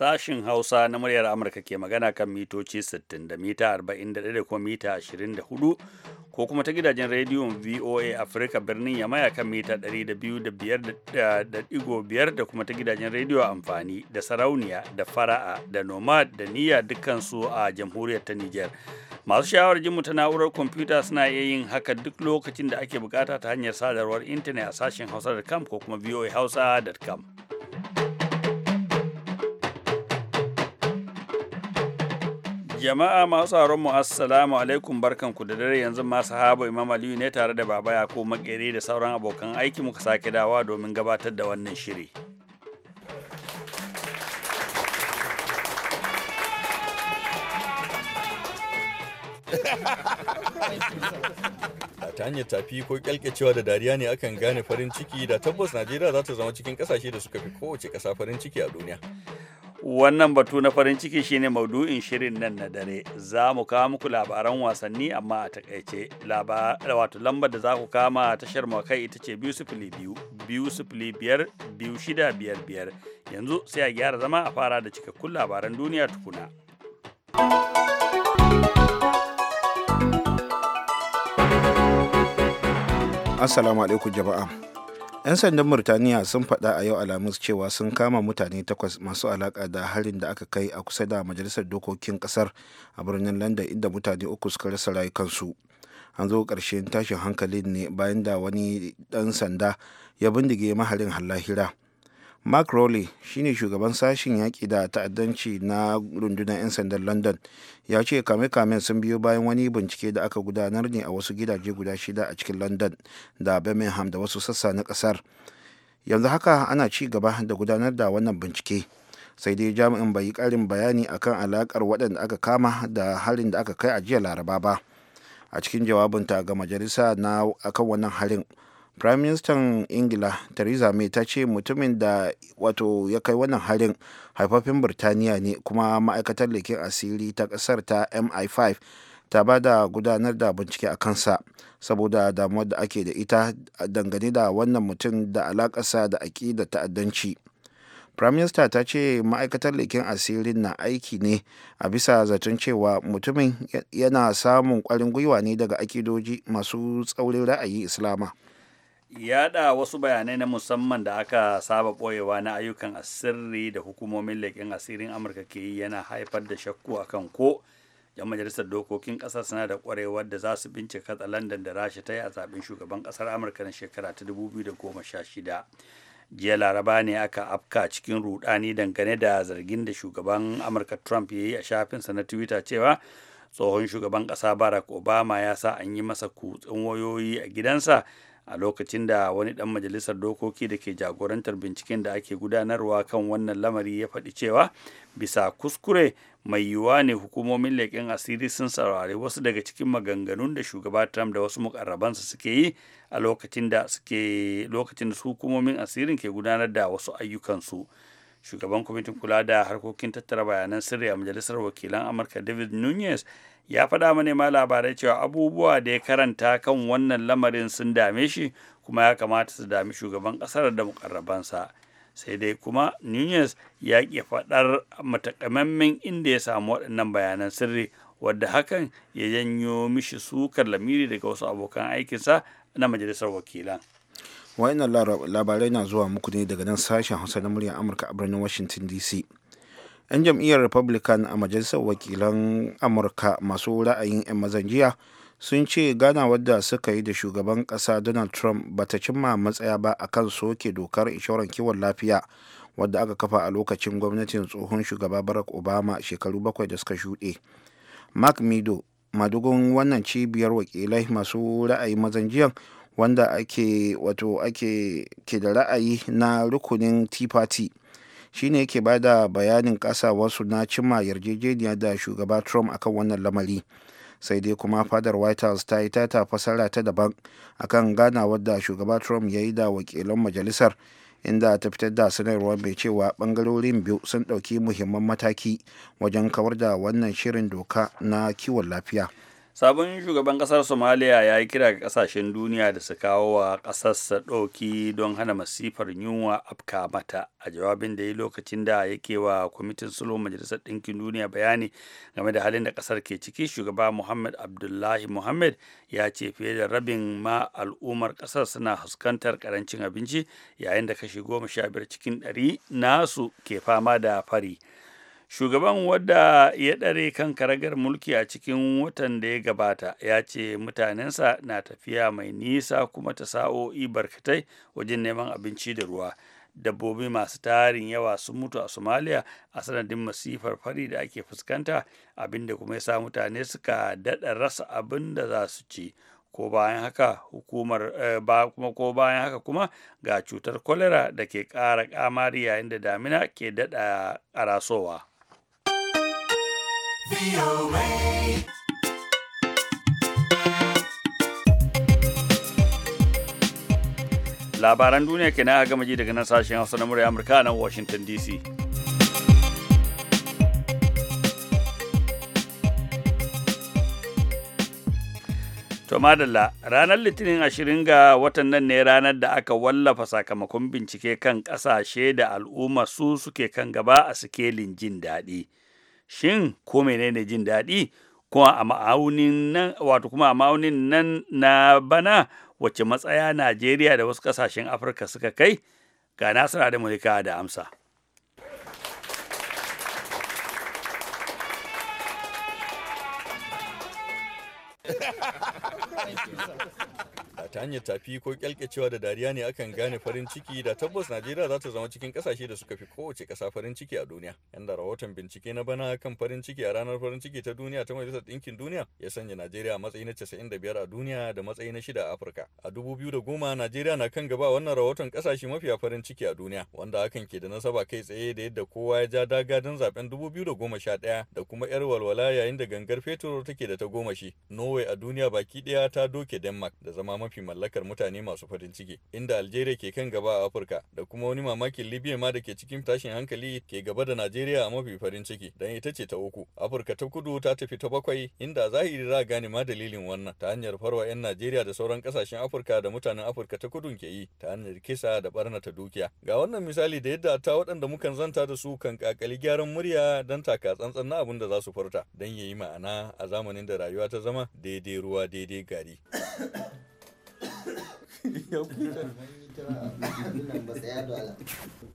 Sashin Hausa na muryar Amurka ke magana kan mitoci 60 da mita 41 da kuma mita 24 ko kuma ta gidajen rediyon VOA afirka birnin Yamaya kan mita 205 da kuma ta gidajen rediyo amfani da sarauniya da fara'a da nomad da niyya dukansu a jamhuriyar ta Nijar. Masu shawar jinmu ta na'urar kwamfuta suna iya yin haka duk lokacin da ake bukata ta hanyar sadarwar intanet a sashen hausa.com ko kuma voahausa.com. Jama'a masu tsaron mu assalamu alaikum ku da dare yanzu ma sahaba Imam Aliyu ne tare da Baba ko Makere da sauran abokan aiki muka sake dawa domin gabatar da wannan shiri. ta hanyar tafi ko kyalkacewa da dariya ne akan gane farin ciki da tabbas Najeriya za ta zama cikin kasashe da suka fi kowace kasa farin ciki a duniya. Wannan batu na farin ciki shine maudu'in shirin nan na dare. Za mu kawo muku labaran wasanni amma a takaice. Wato lambar da za ku kama tashar kai ita ce biyu sifili biyu, biyu sifili biyar, biyu shida biyar biyar. Yanzu sai a gyara zama a fara da cikakkun labaran duniya tukuna. Assalamu alaikum jama'a. 'yan sandan murtaniya sun faɗa a yau alhamis cewa sun kama mutane takwas masu alaƙa da harin da aka kai a kusa da majalisar dokokin ƙasar a birnin london inda mutane uku suka rasa rayukansu an zo ƙarshen tashin hankalin ne bayan da wani ɗan sanda ya bindige maharin hallahira mark rowley shine shugaban sashen yaƙi da ta'addanci na rundunar 'yan sandan london ya ce kame-kamen sun biyo bayan wani bincike da aka gudanar ne a wasu gidaje guda shida a cikin london da birmingham da wasu sassa na ƙasar yanzu haka ana ci gaba da gudanar da wannan bincike sai dai jami'in bai yi ƙarin bayani akan alaƙar waɗanda aka kama da harin da aka kai a jiya laraba ba a cikin jawabinta ga majalisa na akan wannan harin prime minister ingila theresa may ta ce mutumin da wato ya kai wannan harin haifafin birtaniya ne kuma ma'aikatar leken asiri ta kasar ta mi5 ta ba da gudanar da bincike a kansa saboda damuwar da ake da ita dangane da wannan mutum da alakasa da aƙi da ta'addanci prime minister ta ce ma'aikatar leken asirin na aiki ne a bisa zaton cewa mutumin yana samun kwarin gwiwa ne daga akidoji masu tsaurin ra'ayi islama yada wasu bayanai na musamman da aka saba boyewa na ayyukan asirri da hukumomin leƙen asirin amurka ke yi yana haifar da shakku a kan ko yan majalisar dokokin ƙasar suna da ƙwarewar da za su bincika london da rasha ta yi a zaben shugaban ƙasar amurka na shekara ta 2016 jiya laraba ne aka afka cikin rudani dangane da zargin da shugaban amurka trump ya yi a shafinsa na twitter cewa tsohon shugaban ƙasa barack obama ya sa an yi masa kutsin wayoyi a gidansa a lokacin da wani dan majalisar dokoki da ke jagorantar binciken da ake gudanarwa kan wannan lamari ya faɗi cewa bisa kuskure mai yiwuwa ne hukumomin leƙen asiri sun saurari wasu daga cikin maganganun da shugaba trump da wasu mukarrabansa suke yi a lokacin da suke lokacin da hukumomin asirin ke gudanar da wasu ayyukansu shugaban kwamitin kula da harkokin tattara bayanan sirri a majalisar wakilan amurka david nunez ya faɗa manema labarai cewa abubuwa da ya karanta kan wannan lamarin sun dame shi kuma ya kamata su dami shugaban ƙasar da mukarrabansa sai dai kuma nunez ya ƙi faɗar matakamammen inda ya samu waɗannan bayanan sirri wadda hakan ya janyo mishi sukar lamiri daga wasu abokan aikinsa na majalisar wakilan wayannan labarai na zuwa muku ne daga nan sashen hausa na muryar amurka a birnin washington dc 'yan jam'iyyar republican a majalisar wakilan amurka masu ra'ayin 'yan mazanjiya sun ce gana wadda suka yi da shugaban ƙasa donald trump ba ta cimma matsaya ba akan soke dokar inshorar kiwon lafiya wadda aka kafa a lokacin gwamnatin tsohon shugaba barack obama shekaru bakwai da suka shuɗe mark mido madugun wannan cibiyar wakilai masu ra'ayin mazan wanda ake wato ake ke da ra'ayi na rukunin tea party shine yake ba da bayanin wasu na cimma yarjejeniya da shugaba trump akan wannan lamari sai dai kuma fadar white house ta yi ta fasara ta daban akan ganawar da shugaba trump ya yi da wakilan majalisar inda ta fitar da sanarwar mai cewa bangarorin biyu sun ɗauki muhimman mataki wajen kawar da wannan shirin doka na kiwon lafiya. sabon shugaban kasar somaliya ya yi kira ga kasashen duniya da su kawo wa kasarsa ɗauki don hana masifar yunwa afka mata a jawabin da ya lokacin da yake wa kwamitin sulhu majalisar ɗinkin duniya bayani game da halin da kasar ke ciki shugaba muhammad abdullahi muhammad ya ce fiye da rabin ma al'ummar kasar suna fuskantar karancin abinci yayin da kashi goma sha biyar cikin ɗari nasu ke fama da fari shugaban wadda ya ɗare kan karagar mulki a cikin watan da ya gabata ya ce mutanensa na tafiya mai nisa kuma ta sa'o'i barkatai wajen neman abinci da ruwa dabbobi masu tarin yawa sun mutu a somalia a sanadin masifar fari da ake fuskanta abinda kuma ya sa mutane suka daɗa rasa abin da za su ci ko bayan haka hukumar eh, ba kuma ko bayan haka kuma ga cutar kwalera da ke ƙara ƙamari yayin da damina ke daɗa ƙarasowa. Labaran duniya kenan a gama ji daga nan sashen Hausa na murya Amurka nan Washington DC. To madalla ranar litinin ashirin ga watan nan ne ranar da aka wallafa sakamakon bincike kan ƙasashe da al'umma su suke kan gaba a sikelin jin daɗi. shin ko menene jin daɗi kuma a ma'aunin nan wato kuma a ma'aunin nan na bana wacce matsaya Najeriya da wasu ƙasashen Afirka suka kai ga Nasara da Mulika da amsa. Thank you, ta hanyar tafi ko kyalkyacewa da dariya ne akan gane farin ciki da tabbas najeriya za ta zama cikin kasashe da suka fi kowace kasa farin ciki a duniya yanda rahoton bincike na bana kan farin ciki a ranar farin ciki ta duniya ta majalisar dinkin duniya ya sanya najeriya a matsayi na 95 a duniya da matsayi na shida a afirka a goma najeriya na kan gaba wannan rahoton kasashe mafiya farin ciki a duniya wanda hakan ke da nasaba kai tsaye da yadda kowa ya ja daga don zaben 2011 da goma sha da kuma yar walwala yayin da gangar fetur take da ta goma shi norway a duniya baki ɗaya ta doke denmark da zama mafi mafi mallakar mutane masu farin ciki inda Algeria ke kan gaba a Afirka da kuma wani mamakin Libya ma da ke cikin tashin hankali ke gaba da Najeriya a mafi farin ciki dan ita ce ta uku Afirka ta kudu ta tafi ta bakwai inda zahiri za gane ma dalilin wannan ta hanyar farwa 'yan Najeriya da sauran kasashen Afirka da mutanen Afirka ta kudu ke yi ta hanyar kisa da barnata dukiya ga wannan misali da yadda ta waɗanda mukan zanta da su kan kakali gyaran murya don taka tsantsan na abin da za su furta don yi ma'ana a zamanin da rayuwa ta zama daidai ruwa daidai gari eu,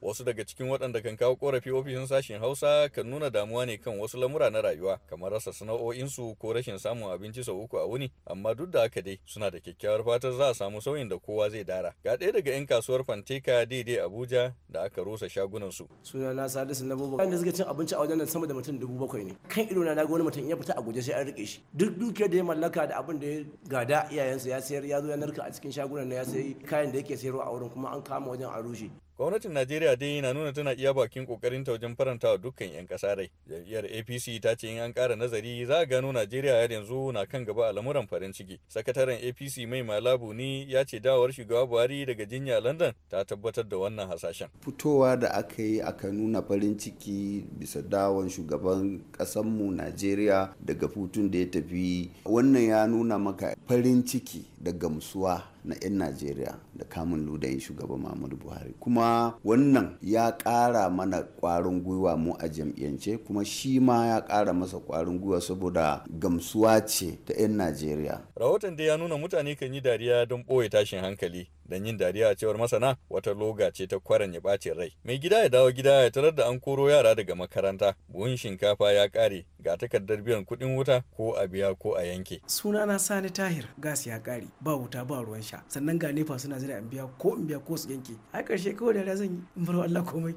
Wasu daga cikin wadanda kan kawo korafi ofishin sashen Hausa kan nuna damuwa ne kan wasu lamura na rayuwa kamar rasa sana'o'insu ko rashin samun abinci sau uku a wuni amma duk da haka dai suna da kyakkyawar fatar za a samu sauyin da kowa zai dara. Ga ɗaya daga 'yan kasuwar Fanteka daidai Abuja da aka rusa shagunansu. Suna na Salisu na Bubu. Wanda suka cin abinci a wajen nan sama da mutum dubu bakwai ne. Kan ido na ga wani mutum ya fita a guje sai an riƙe shi. Duk dukiyar da ya mallaka da abin da ya gada iyayensa ya sayar ya zo ya narka a cikin shagunan na ya sayi kayan da yake sayarwa a wurin kuma an kama wajen a rushe gwamnatin najeriya dai na nuna tana iya bakin kokarin ta wajen faranta wa dukkan yan kasa rai jam'iyyar apc ta ce in an kara nazari za a gano najeriya yar yanzu na kan gaba a lamuran farin ciki sakataren apc mai malabu ne ya ce dawar shugaba buhari daga jinya london ta tabbatar da wannan hasashen fitowa da aka yi aka nuna farin ciki bisa dawon shugaban mu najeriya daga hutun da ya tafi wannan ya nuna maka farin ciki da gamsuwa na 'yan najeriya da kamun ludayin shugaban muhammadu buhari kuma wannan ya kara mana kwarin gwiwa mu a jam'iyyance kuma shi ma ya kara masa kwarin gwiwa saboda gamsuwa ce ta 'yan najeriya rahoton da ya nuna mutane kan yi dariya don ɓoye tashin hankali don yin dariya a cewar masana wata loga ce ta kwaran ya bacin rai mai gida ya dawo gida ya tarar da an koro yara daga makaranta buhun shinkafa ya kare ga takardar biyan kuɗin wuta ko a biya ko a yanke suna na sani tahir gas ya kare ba wuta ba ruwan sha sannan ga nefa suna zira in biya ko in biya ko su yanke a ƙarshe kawai da zan yi in bar Allah komai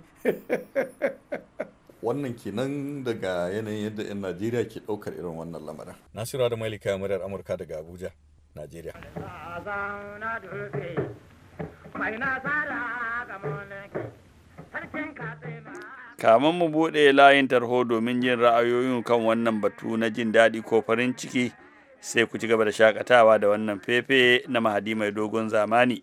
wannan kenan daga yanayin yadda 'yan najeriya ke ɗaukar irin wannan lamarin nasiru da ya muryar amurka daga abuja najeriya kamin mu buɗe layin tarho domin jin ra'ayoyin kan wannan batu na jin daɗi ko farin ciki sai ku ci gaba da shakatawa da wannan fefe na mahadi mai dogon zamani.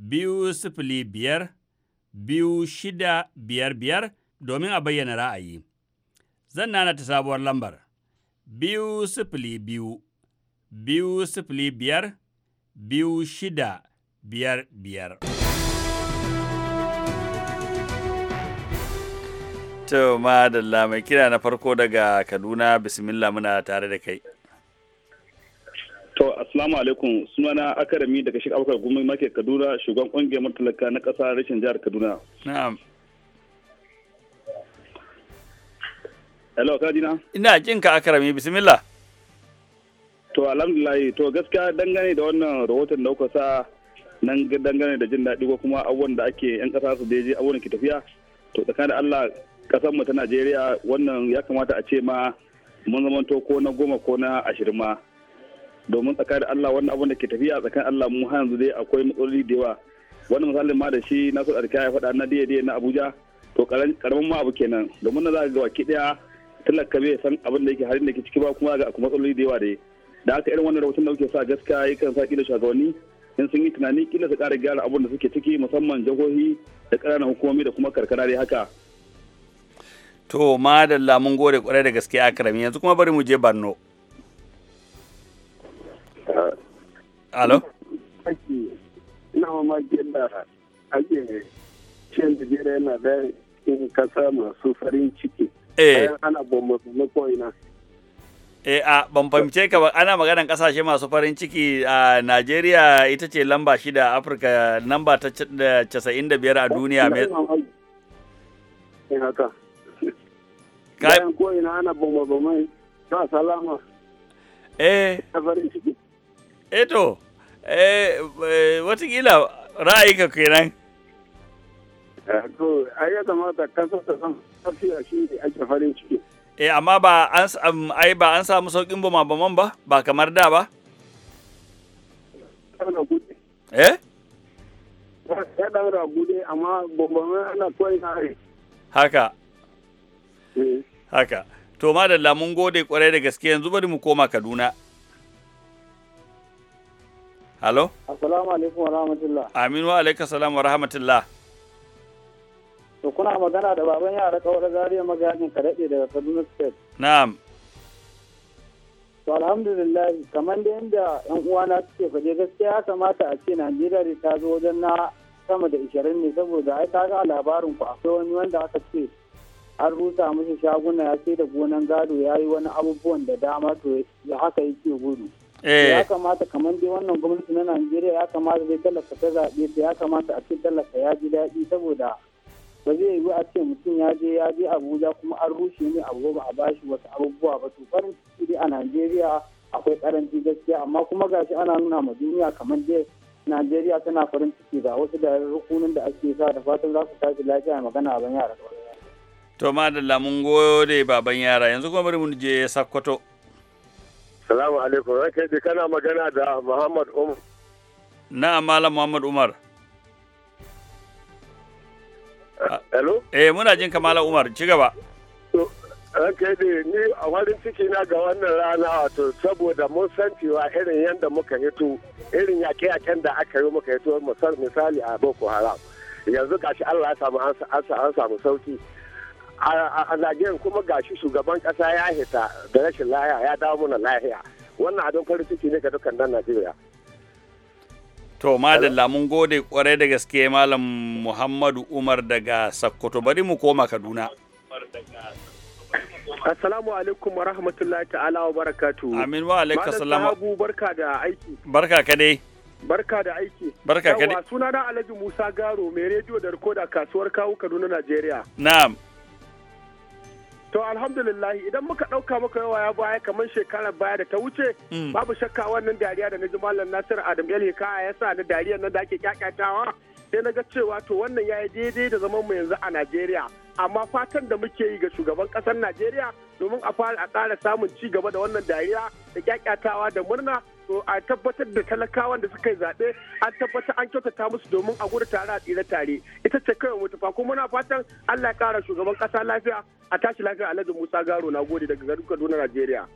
biyu sifili biyar biyu shida biyar biyar domin a bayyana ra'ayi. Zan nana ta sabuwar lambar biyu sifili biyu biyu sifili biyar biyu shida biyar biyar. To, madalla mai kira na farko daga Kaduna, bismillah muna tare da kai. To, Assalamu alaikum sunana akarami daga shi abokar gumin make Kaduna shugaban kungiyar matalaka na kasa rashin jihar Kaduna. Na'am. Hello, ka Ina jin ka akarami bismillah. To, alhamdulillah to gaskiya dangane da wannan rahoton da kuka sa nan dangane da jin daɗi ko kuma abubuwan da ake 'yan kasa su daji abubuwan ke tafiya. To, tsakanin Allah ƙasar mu ta Najeriya wannan ya kamata a ce ma mun zamanto ko na goma ko na ashirin ma. domin tsakanin Allah wannan abun da ke tafiya tsakanin Allah mu har yanzu dai akwai matsaloli da yawa wannan misalin ma da shi na so ya faɗa na diya na Abuja to karamin ma abu kenan domin na za ga waki daya tallaka bai san abin da yake halin da ke ciki ba kuma ga akwai matsaloli da yawa da da haka irin wannan rahoton da muke sa gaskiya yakan sa kila shugabanni in sun yi tunani kila su ƙara gyara abin da suke ciki musamman jagohi da ƙananan hukumomi da kuma karkara dai haka to madalla mun gode kwarai da gaskiya a karami yanzu kuma bari mu je Borno Alo? Ina mamaki yadda ake Ana eh, a ka ana maganan kasashe masu farin ciki a Najeriya ita ce lamba shida Afirka lamba ta casa'in da biyar a duniya mai. Eh, haka. ko ina ana ba salama. Eh. eto eh eh, eh, watakila ra'ayinka kenan kasar ta ake farin ciki eh amma ba an ai ba an samu saukin bama baman ba ba kamar da ba eh ana haka haka to madalla mun gode kwarai da gaske yanzu bari mu koma kaduna Halo? Assalamu alaikum wa rahmatullah. Amin wa alaikum salam wa rahmatullah. To kuna magana da baban yara kawar zariya magajin karaɗe daga Kaduna State. Na'am. To alhamdulillah kamar da yadda yan uwana suke faɗe gaskiya ya kamata a ce Najeriya da ta zo wajen na sama da ishirin ne saboda ai ta ga labarin ku akwai wani wanda aka ce an rusa masu shaguna ya ce da gonan gado ya yi wani abubuwan da dama to ya haka yake gudu. Eh. ya kamata kamar dai wannan gwamnati na najeriya ya kamata dai tallafa ta zaɓe ta ya kamata a ce talaka ya ji daɗi saboda ba zai yiwu a ce mutum ya je ya je abuja kuma an rushe ne a ba a bashi wasu abubuwa ba to farin ciki dai a najeriya akwai karanci gaskiya amma kuma gashi ana nuna ma duniya kamar dai najeriya tana farin ciki ga wasu da rukunin da ake sa da fatan za su tashi lafiya magana ban yara to madalla mun goyo da baban yara yanzu kuma bari mu je Sokoto. Salamu alaikum, rake ji kana magana da Muhammad Umar. Na Malam Muhammad Umar. Eh, hello? Eh, muna jin Malam Umar, ci gaba. Rake ji, ni a warin ciki na ga wannan rana wato saboda mun san cewa irin yadda muka hito, irin yaƙe-yaƙen da aka yi muka hito misali a Boko Haram. Yanzu kashi Allah ya samu an samu sauki. a zagayen kuma gashi shugaban kasa ya hita da rashin lahiya ya dawo mana lahiya wannan abin farin ciki ne ga dukkan dan najeriya to madalla mun gode kwarai da gaske malam muhammadu umar daga sakkwato bari mu koma kaduna Assalamu alaikum wa rahmatullahi ta'ala wa barakatu. Amin wa alaikum salam. Malam barka da aiki. Barka ka dai. Barka da aiki. Barka ka dai. Suna na Alhaji Musa Garo mai rediyo da rikoda kasuwar kawo Kaduna Najeriya. Na'am. To alhamdulillah idan muka ɗauka muka yawa ya baya kamar shekarar baya da ta wuce hmm. babu shakka wannan dariya da na ji Malam Nasir Adam El Hikaya ya sa na dariyar nan da ake kyakkyatawa sai na ga cewa to wannan yayi daidai da zaman mu yanzu a Najeriya amma fatan da muke yi ga shugaban ƙasar Najeriya domin a fara a ƙara samun ci gaba da wannan dariya da kyakkyatawa da murna tsaro a tabbatar da talakawan da suka yi zaɓe an tabbatar an kyautata musu domin a gudu tare a tsira tare ita ce kawai mutu fa kuma muna fatan Allah ya kara shugaban ƙasa lafiya a tashi lafiya Alhaji Musa Garo na gode daga garin Kaduna Najeriya.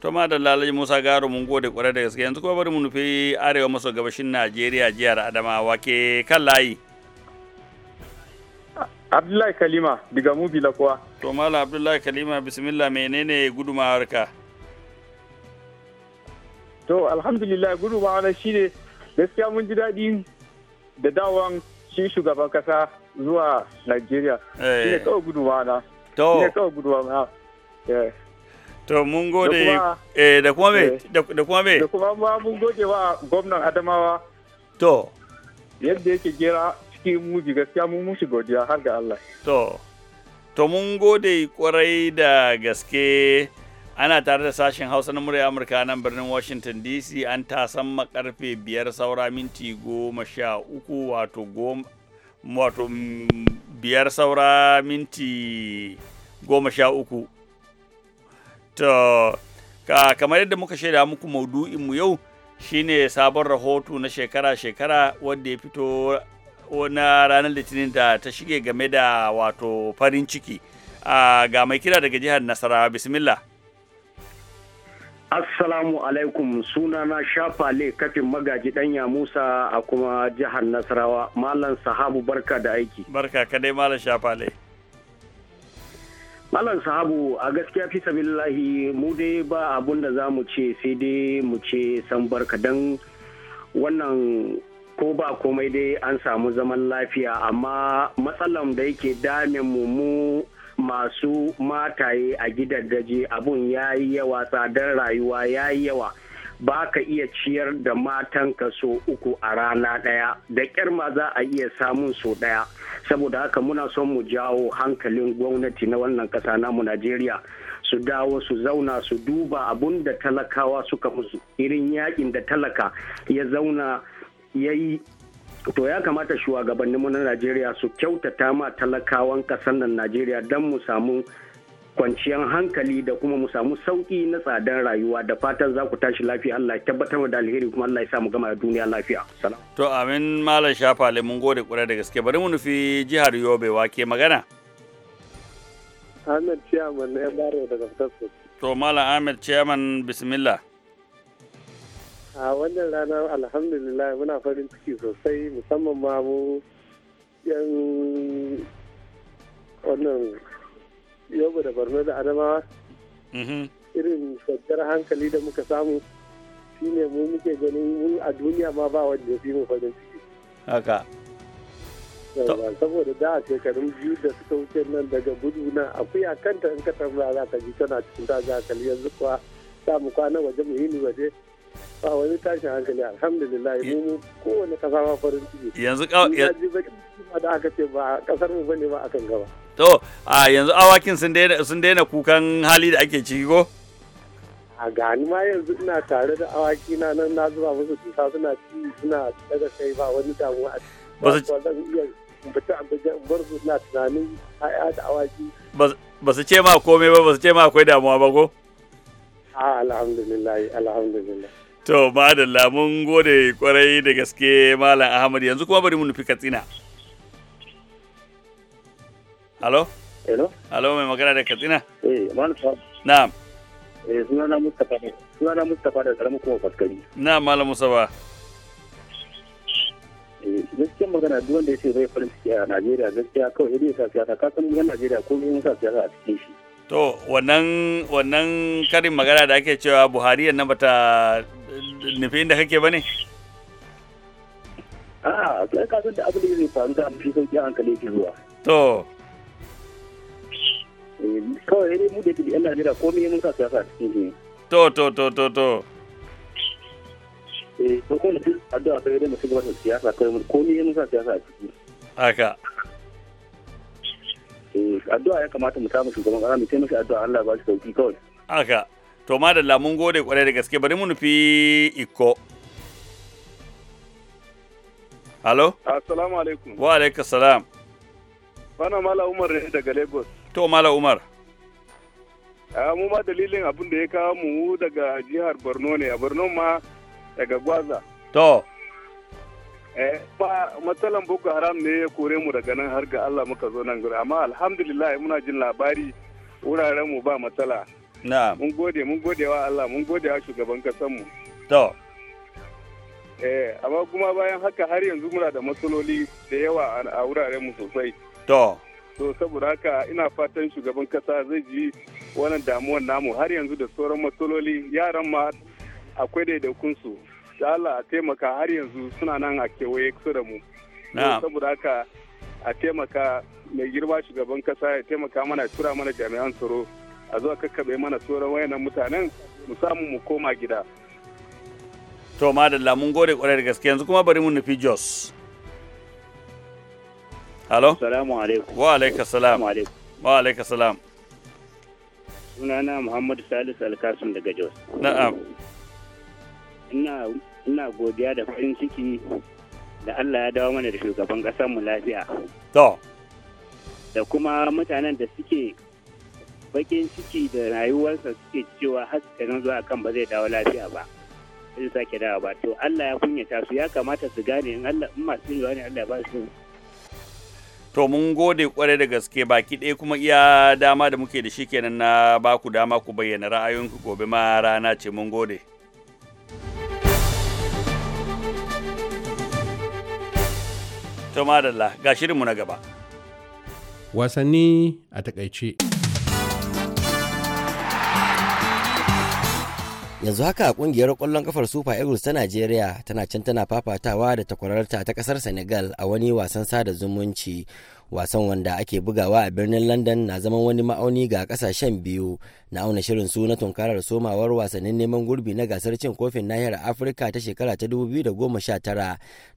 to ma da lalaji musa garo mun gode kwarai da gaske yanzu kuma bari mu nufi arewa maso gabashin najeriya jihar adamawa ke kan layi abdullahi kalima diga mu bilakuwa to Malam abdullahi kalima bismillah menene gudumawar ka to alhamdulillah gudu ma'ana ne gaskiya mun ji daɗi da dawon shi shugaban kasa zuwa Najeriya. Eh. Shi ne kawai gudu ma'ana. To. Shi ne kawai gudu ma'ana. Eh. To mun gode eh, da kuma me da kuma me da kuma ma mun gode wa gwamnan Adamawa. To. Yadda yake gera cikin muji gaskiya mun mushi godiya har ga Allah. To. To mun gode kwarai da gaske ana tare da sashen hausa na murya amurka nan birnin washington dc an tasan makarfe biyar saura minti goma sha uku wato wato biyar saura minti goma sha uku to ka kamar yadda muka shaida muku maudu'inmu yau shine sabon rahoto na shekara-shekara wanda ya fito na ranar litinin da ta shige game da wato farin ciki ah, ga mai kira daga jihar nasarawa bismillah Assalamu alaikum shafa le kafin magaji danya Musa a kuma jihar Nasarawa. Malam Sahabu barka da aiki. Barka ka dai Malam shafa le. Malam Sahabu a gaskiya fi sabillahi mu dai ba abun da za mu ce sai dai mu ce san barka dan wannan ko ba komai dai an samu zaman lafiya amma matsalan da yake damin mu mu masu mataye a gidan gaje abun ya yi yawa tsadar rayuwa ya yi yawa ba ka iya ciyar da matan ka so uku a rana ɗaya da ƙyar ma za a iya samun so ɗaya saboda haka muna son mu jawo hankalin gwamnati na wannan ƙasa namu najeriya su dawo su zauna su duba abun da talakawa suka musu irin yakin da talaka ya zauna ya yi to ya kamata shugabanninmu na najeriya su kyautata ma talakawan ƙasar nan najeriya don mu samu kwanciyar hankali da kuma mu samu sauki na tsadar rayuwa da fatan za ku tashi lafiya Allah ya tabbatar da alheri kuma Allah ya sa mu gama duniya lafiya. Salam. To amin malam shafa mun gode kura da gaske bari mu nufi jihar Yobe wake magana. Ahmed Chairman na da daga Fitasku. To malam Ahmed Chairman bismillah. a wannan ranar alhamdulillah muna farin ciki sosai musamman ma mu yan wannan yobu da barno da adamawa mm-hmm. irin kwanciyar hankali da muka samu shine mu muke ganin mu a duniya ma ba wanda ya fi mu farin ciki haka saboda da a shekarun biyu da suka wuce nan daga gudu na akuya kanta in ka tambaya za ka ji tana cikin daji hankali yanzu kuwa samu kwana waje mu yi ni waje ba wani tashin hankali alhamdulillah mu kowane kasa ma farin ciki yanzu ji da aka ce ba kasar mu bane ba akan gaba to a yanzu awakin sun daina sun daina kukan hali da ake ciki ko a gani ma yanzu ina tare da awaki na nan na zuba musu tuta suna ci suna daga kai ba wani damuwa a ciki bar su na tunanin ai da awaki ba su ce ma komai ba ba su ce ma akwai damuwa ba ko a alhamdulillah alhamdulillah To da lamun gode kwarai da gaske Malam Ahmad yanzu kuma bari mu nufi Katsina. Halo? Hello? Halo mai magana da Katsina? Eh, Malam Na'am. Eh, sunana Mustapha ne. Sunana Mustapha da karamin kuma faskari. Na Malam Mustapha. Eh, gaskiyar magana duk wanda ya ce zai farin ciki a Najeriya gaskiya kawai ya sa siyasa ka san yan Najeriya ko yin sa siyasa a cikin shi. to wannan wannan karin magana da ake cewa buhari nan bata nufi inda kake ba ne a kai kasan da abin da zai faru da fi sauki hankali ke zuwa to eh, kawai ne mu da ke yan najeriya komai mun sa siyasa cikin to to to to to eh to kuma addu'a sai dai mu shiga wannan siyasa kai mun komai mun sa siyasa a ciki haka Eh, addu'a ya kamata mu samu shugaban kasa mu sai mashi addu'a Allah ba shi sauki kawai aka to madalla mun gode kwarai da gaske bari mu nufi iko Halo? Assalamu alaikum. Wa alaikum salam. Bana Mala Umar ne daga Lagos. To Mala Umar. Uh, mu ma dalilin abin da ya kawo mu daga jihar Borno ne, a Borno ma daga Gwaza. To. Eh, ba matsalan boko haram ne ya kore mu daga nan har ga Allah muka zo nan gari amma alhamdulillah muna jin labari wuraren mu ba matsala na'am mun gode mun gode wa Allah mun gode wa shugaban kasan mu to eh amma kuma bayan haka har yanzu muna da matsaloli da yawa a wuraren mu sosai to to saboda haka ina fatan shugaban kasa zai ji wannan damuwar namu har yanzu da sauran matsaloli yaran ma akwai daidaikunsu da Allah a taimaka har yanzu suna nan a kewaye kusa da mu saboda haka a taimaka mai girma shugaban kasa ya taimaka mana tura mana jami'an tsaro a zuwa kakkabe mana tsoron wayannan mutanen mu samu mu koma gida to madalla mun gode kwarai da gaske yanzu kuma bari mu nufi jos halo salamu alaikum wa alaikum salam wa alaikum salam sunana muhammadu salisu alkasun daga jos na'am ina ina godiya da farin ciki da Allah ya dawo mana da shugaban mu lafiya. To. Da kuma mutanen da suke bakin ciki da rayuwarsa suke cewa haskarin zuwa kan ba zai dawo lafiya ba. Zai sake dawo ba. To Allah ya kunyata su ya kamata su gane in Allah in masu yiwa ne Allah ya ba su. To mun gode kwarai da gaske baki ɗaya kuma iya dama da muke da shi kenan na baku dama ku bayyana ra'ayoyinku gobe ma rana ce mun gode. To madalla ga shirinmu na gaba. Wasanni a takaice. Yanzu haka kungiyar kwallon kafar Super Eagles ta Najeriya tana can tana fafatawa da takwararta ta ƙasar Senegal a wani wasan sada zumunci. Wasan wanda ake bugawa a birnin London na zaman wani ma'auni ga kasashen biyu na auna shirin su na tunkarar somawar wasannin neman gurbi na gasar cin kofin nahiyar afirka ta shekara ta 2019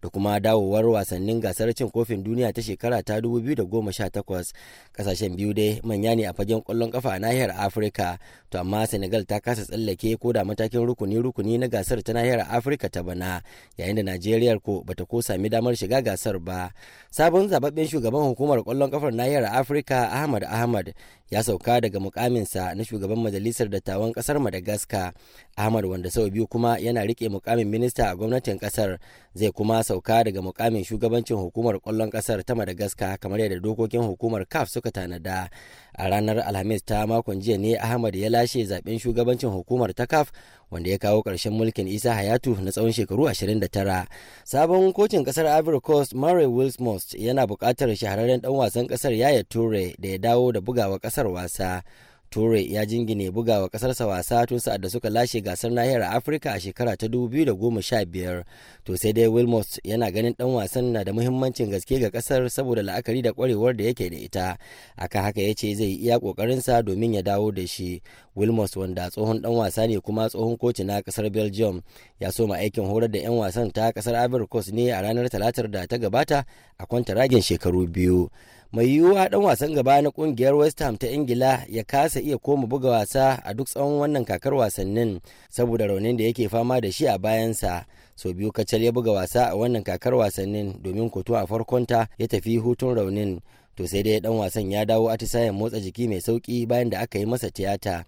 da kuma dawowar wasannin gasar cin kofin duniya ta shekara ta 2018 kasashen biyu dai manya ne a fagen kwallon kafa a nahiyar afirka to amma senegal ta kasa tsallake ko da matakin rukuni rukuni na gasar ta nahiyar afirka ta bana yayin da najeriya ko bata ko sami damar shiga gasar ba sabon zababben shugaban hukumar kwallon kafar nahiyar afirka ahmad ahmad ya sauka daga mukaminsa na shugaban majalisar dattawan kasar madagascar ahmad wanda sau biyu kuma yana rike mukamin minista a gwamnatin kasar zai kuma sauka daga mukamin shugabancin hukumar kwallon kasar ta madagascar kamar yadda dokokin hukumar caf suka tanada a ranar alhamis ta makon jiya ne ahmad ya lashe zaben shugabancin hukumar ta caf wanda ya kawo ƙarshen mulkin isa hayatu na tsawon shekaru 29 sabon kocin ƙasar ivory coast murray wilsmost yana buƙatar shahararren ɗan wasan ƙasar yaya ture da ya dawo da bugawa ƙasar wasa Ture ya jingine bugawa kasarsa wasa tun sa'ad da suka lashe gasar nahiyar Afirka a shekara ta 2015. To sai dai Wilmot yana ganin dan wasan na da muhimmancin gaske ga kasar saboda la'akari da kwarewar da yake da ita. Aka haka ya ce zai iya kokarinsa domin ya dawo da shi. Wilmot wanda tsohon dan wasa ne kuma tsohon koci na kasar Belgium ya soma aikin horar da 'yan wasan ta kasar Ivory Coast ne a ranar talatar da ta gabata a kwantaragin shekaru biyu. mai yiwuwa dan wasan gaba na kungiyar west ham ta ingila ya kasa iya koma buga wasa a duk tsawon wannan kakar wasannin saboda raunin da yake fama da shi a bayansa sau biyu kacal ya buga wasa a wannan kakar wasannin domin kotu a farkonta ya tafi hutun raunin to sai dai dan wasan ya dawo atisayen motsa jiki mai sauki bayan da aka yi masa tiyata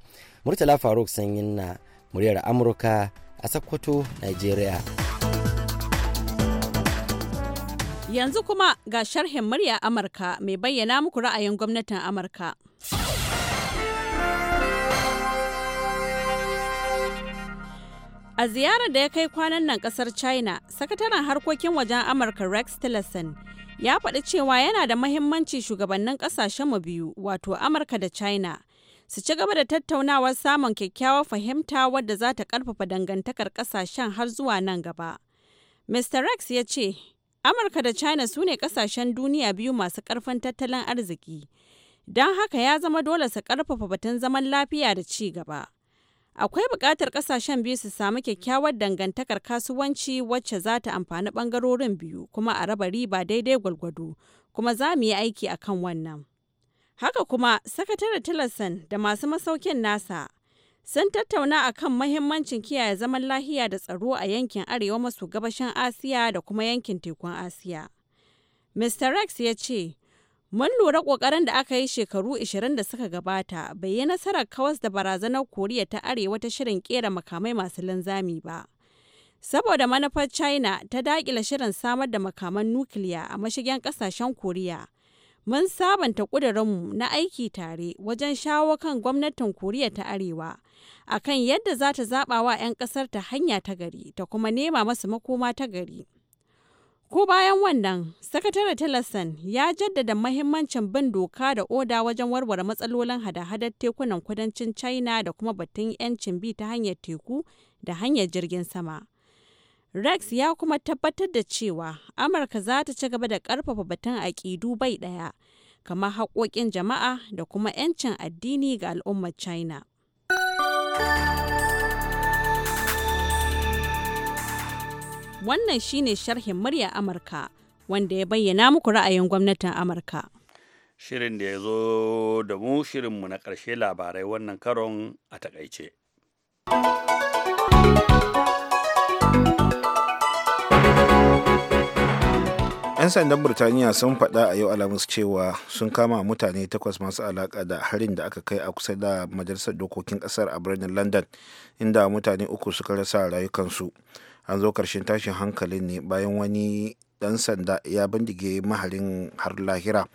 murtala faruk sanyin na muryar amurka a sokoto nigeria Yanzu kuma ga sharhin murya Amurka mai bayyana muku ra'ayin gwamnatin Amurka. A ziyarar da ya kai kwanan nan kasar China, sakataren harkokin wajen Amurka Rex Tillerson ya faɗi cewa yana da mahimmanci shugabannin mu biyu, wato Amurka da China, su ci gaba da tattaunawar samun kyakkyawar fahimta wadda za ta ƙarfafa dangantakar ƙasashen har zuwa nan gaba. Mr. Rex ya ce, Amurka da China su ne kasashen duniya biyu masu karfin tattalin arziki, don haka ya zama dole su karfafa batun zaman lafiya da ci gaba. Akwai buƙatar kasashen biyu su samu kyakkyawar dangantakar kasuwanci wacce za ta amfani bangarorin biyu kuma a raba riba daidai gwalgwado, kuma za mu yi aiki a kan wannan. Haka kuma, Sakatare Tillerson da masu masaukin nasa sun tattauna a kan mahimmancin kiyaye zaman lahiya da tsaro a yankin arewa maso gabashin asiya da kuma yankin tekun asiya mr rex ya ce mun lura kokarin da aka yi shekaru 20 da suka gabata bai yi nasarar kawas da barazanar koriya ta arewa ta shirin kera makamai masu linzami ba saboda manufar china ta dakila shirin samar da makaman nukiliya a mashigen ƙasashen koriya mun sabanta ƙudurinmu na aiki tare wajen shawo kan gwamnatin koriya ta arewa akan yadda za ta zaɓa wa 'yan ƙasar ta hanya ta gari ta kuma nema masu makoma ta gari ko bayan wannan sakatare tillerson ya jaddada mahimmancin bin doka da oda wajen warware matsalolin hada-hadar tekunan kudancin china da kuma batun 'yancin bi ta hanyar teku da hanyar jirgin sama Rex ya kuma tabbatar da cewa Amurka za ta ci gaba da ƙarfafa batun aƙidu bai ɗaya, kamar haƙoƙin jama'a da kuma 'yancin addini ga al'ummar China. Wannan shine sharhin murya Amurka wanda ya bayyana muku ra'ayin gwamnatin Amurka. Shirin da ya zo da mu shirinmu na ƙarshe labarai wannan karon a takaice. 'yan sandan burtaniya sun faɗa a yau alhamis cewa sun kama mutane takwas masu alaƙa da harin da aka kai a kusa da majalisar dokokin ƙasar a birnin london inda mutane uku suka rasa rayukansu an zo ƙarshen tashin hankalin ne bayan wani ɗan sanda ya bindige maharin har lahira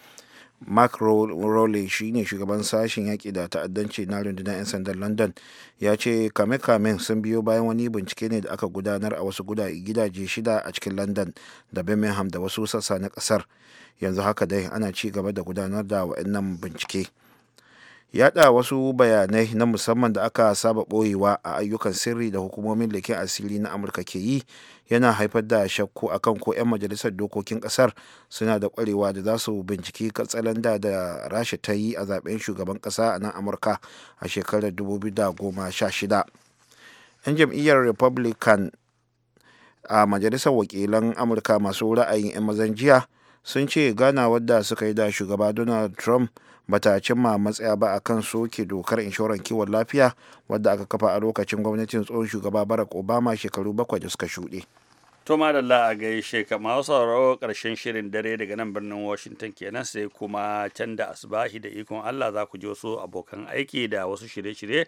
mark rowley shine shugaban sashen yaƙi da ta'addanci na rundunar 'yan sandan london ya ce kame-kamen sun biyo bayan wani bincike ne da aka gudanar a wasu gidaje shida a cikin london da birmingham da wasu sassa na ƙasar yanzu haka dai ana ci gaba da gudanar da wa'annan bincike yada wasu bayanai na musamman da aka saba boyewa a ayyukan sirri da hukumomin leken asiri na amurka ke yi yana haifar da shakku akan ko 'yan majalisar dokokin kasar suna da kwarewa da za su binciki katsalanda da rasha ta yi a zaben shugaban kasa a nan amurka a shekarar 2016 'yan jam'iyyar republican a majalisar wakilan amurka masu ra'ayin 'yan mazan jiya sun ce ganawar da suka yi da shugaba donald trump bata cimma matsaya ba a kan soke dokar inshoran kiwon lafiya wadda aka kafa a lokacin gwamnatin tsohon shugaba barak obama shekaru bakwai da suka shuɗe to madalla a gaishe kama sauraro karshen shirin dare daga nan birnin washington kenan sai kuma can da asibahi da ikon allah za ku ji wasu abokan aiki da wasu shirye-shirye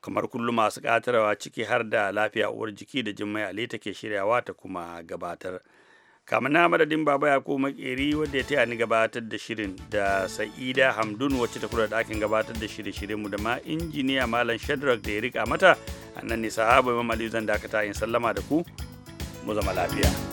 kamar kullum masu katarwa ciki har da lafiya uwar jiki da jimmai ali take shiryawa ta kuma gabatar. kamar na madadin baba ya yakubu makeri wadda ya taya ni gabatar da shirin da sa'ida hamdun wacce ta kula da ɗakin gabatar da shirye shirinmu da ma injiniya malam shadrack da ya rika mata a nan ne sahaba imam aliyu zan dakata in sallama da ku mu zama lafiya